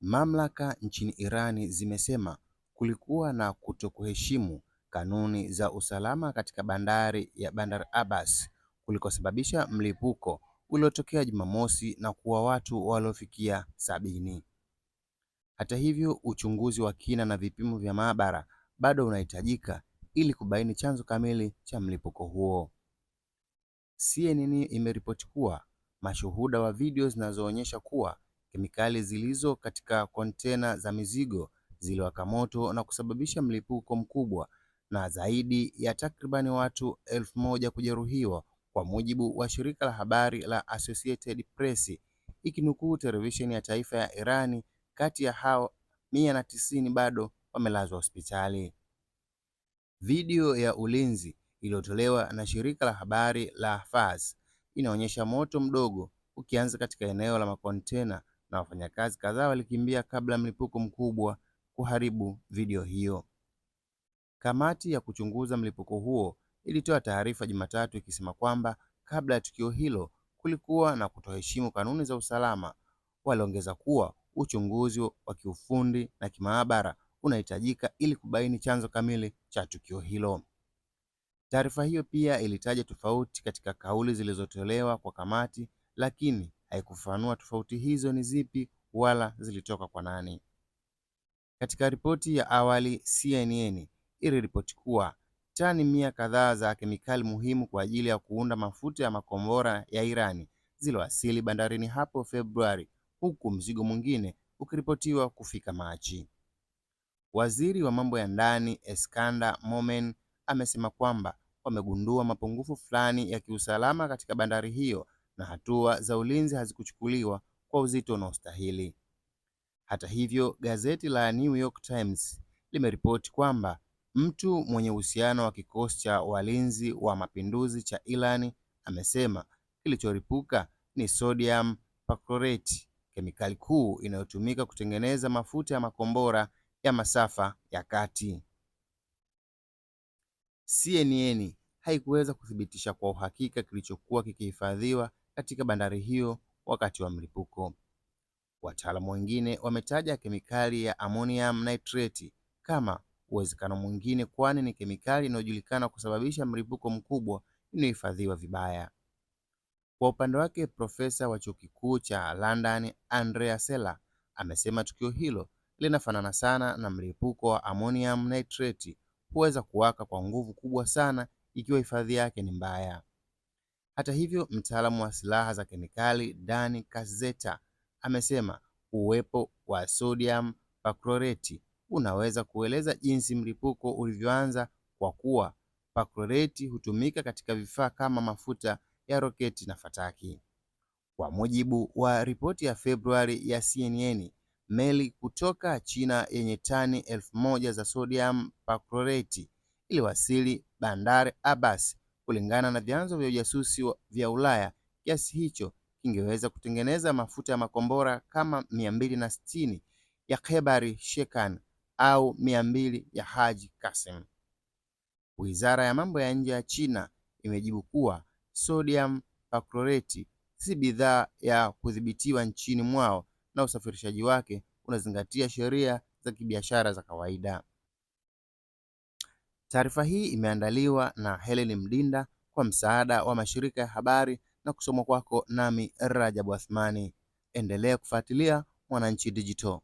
Mamlaka nchini irani zimesema kulikuwa na kutokuheshimu kanuni za usalama katika bandari ya Bandar Abbas kulikosababisha mlipuko uliotokea Jumamosi na kuua watu waliofikia sabini. Hata hivyo, uchunguzi wa kina na vipimo vya maabara bado unahitajika ili kubaini chanzo kamili cha mlipuko huo. CNN imeripoti kuwa mashuhuda wa video zinazoonyesha kuwa Kemikali zilizo katika kontena za mizigo ziliwaka moto na kusababisha mlipuko mkubwa na zaidi ya takribani watu elfu moja kujeruhiwa, kwa mujibu wa shirika la habari la Associated Press ikinukuu televisheni ya taifa ya Irani. Kati ya hao mia na tisini bado wamelazwa hospitali. Video ya ulinzi iliyotolewa na shirika la habari la Fars inaonyesha moto mdogo ukianza katika eneo la makontena na wafanyakazi kadhaa walikimbia kabla mlipuko mkubwa kuharibu video hiyo. Kamati ya kuchunguza mlipuko huo ilitoa taarifa Jumatatu ikisema kwamba kabla ya tukio hilo kulikuwa na kutoheshimu kanuni za usalama. Waliongeza kuwa uchunguzi wa kiufundi na kimaabara unahitajika ili kubaini chanzo kamili cha tukio hilo. Taarifa hiyo pia ilitaja tofauti katika kauli zilizotolewa kwa kamati, lakini haikufafanua tofauti hizo ni zipi wala zilitoka kwa nani. Katika ripoti ya awali CNN iliripoti kuwa tani mia kadhaa za kemikali muhimu kwa ajili ya kuunda mafuta ya makombora ya Irani ziliwasili bandarini hapo Februari, huku mzigo mwingine ukiripotiwa kufika Machi. Waziri wa mambo ya ndani Eskanda Momen amesema kwamba wamegundua mapungufu fulani ya kiusalama katika bandari hiyo na hatua za ulinzi hazikuchukuliwa kwa uzito unaostahili. Hata hivyo, gazeti la New York Times limeripoti kwamba mtu mwenye uhusiano wa kikosi cha walinzi wa mapinduzi cha Iran amesema kilichoripuka ni sodium perchlorate, kemikali kuu inayotumika kutengeneza mafuta ya makombora ya masafa ya kati. CNN haikuweza kuthibitisha kwa uhakika kilichokuwa kikihifadhiwa katika bandari hiyo wakati wa mlipuko. Wataalamu wengine wametaja kemikali ya ammonium nitrate kama uwezekano mwingine, kwani ni kemikali inayojulikana kusababisha mlipuko mkubwa inayohifadhiwa vibaya. Kwa upande wake, profesa wa chuo kikuu cha London Andrea Sella amesema tukio hilo linafanana sana na mlipuko wa ammonium nitrate, huweza kuwaka kwa nguvu kubwa sana ikiwa hifadhi yake ni mbaya. Hata hivyo, mtaalamu wa silaha za kemikali Dani Kazeta amesema uwepo wa sodium perchlorate unaweza kueleza jinsi mlipuko ulivyoanza kwa kuwa perchlorate hutumika katika vifaa kama mafuta ya roketi na fataki. Kwa mujibu wa ripoti ya Februari ya CNN, meli kutoka China yenye tani elfu moja za sodium perchlorate iliwasili Bandar Abbas Kulingana na vyanzo vya ujasusi vya Ulaya, kiasi hicho kingeweza kutengeneza mafuta ya makombora kama 260 ya Khebari Shekan au mbili ya Haji Kasim. Wizara ya Mambo ya Nje ya China imejibu kuwa sodium perchlorate si bidhaa ya kudhibitiwa nchini mwao na usafirishaji wake unazingatia sheria za kibiashara za kawaida. Taarifa hii imeandaliwa na Helen Mdinda kwa msaada wa mashirika ya habari na kusomwa kwako nami Rajabu Athmani. Endelea kufuatilia Mwananchi Digital.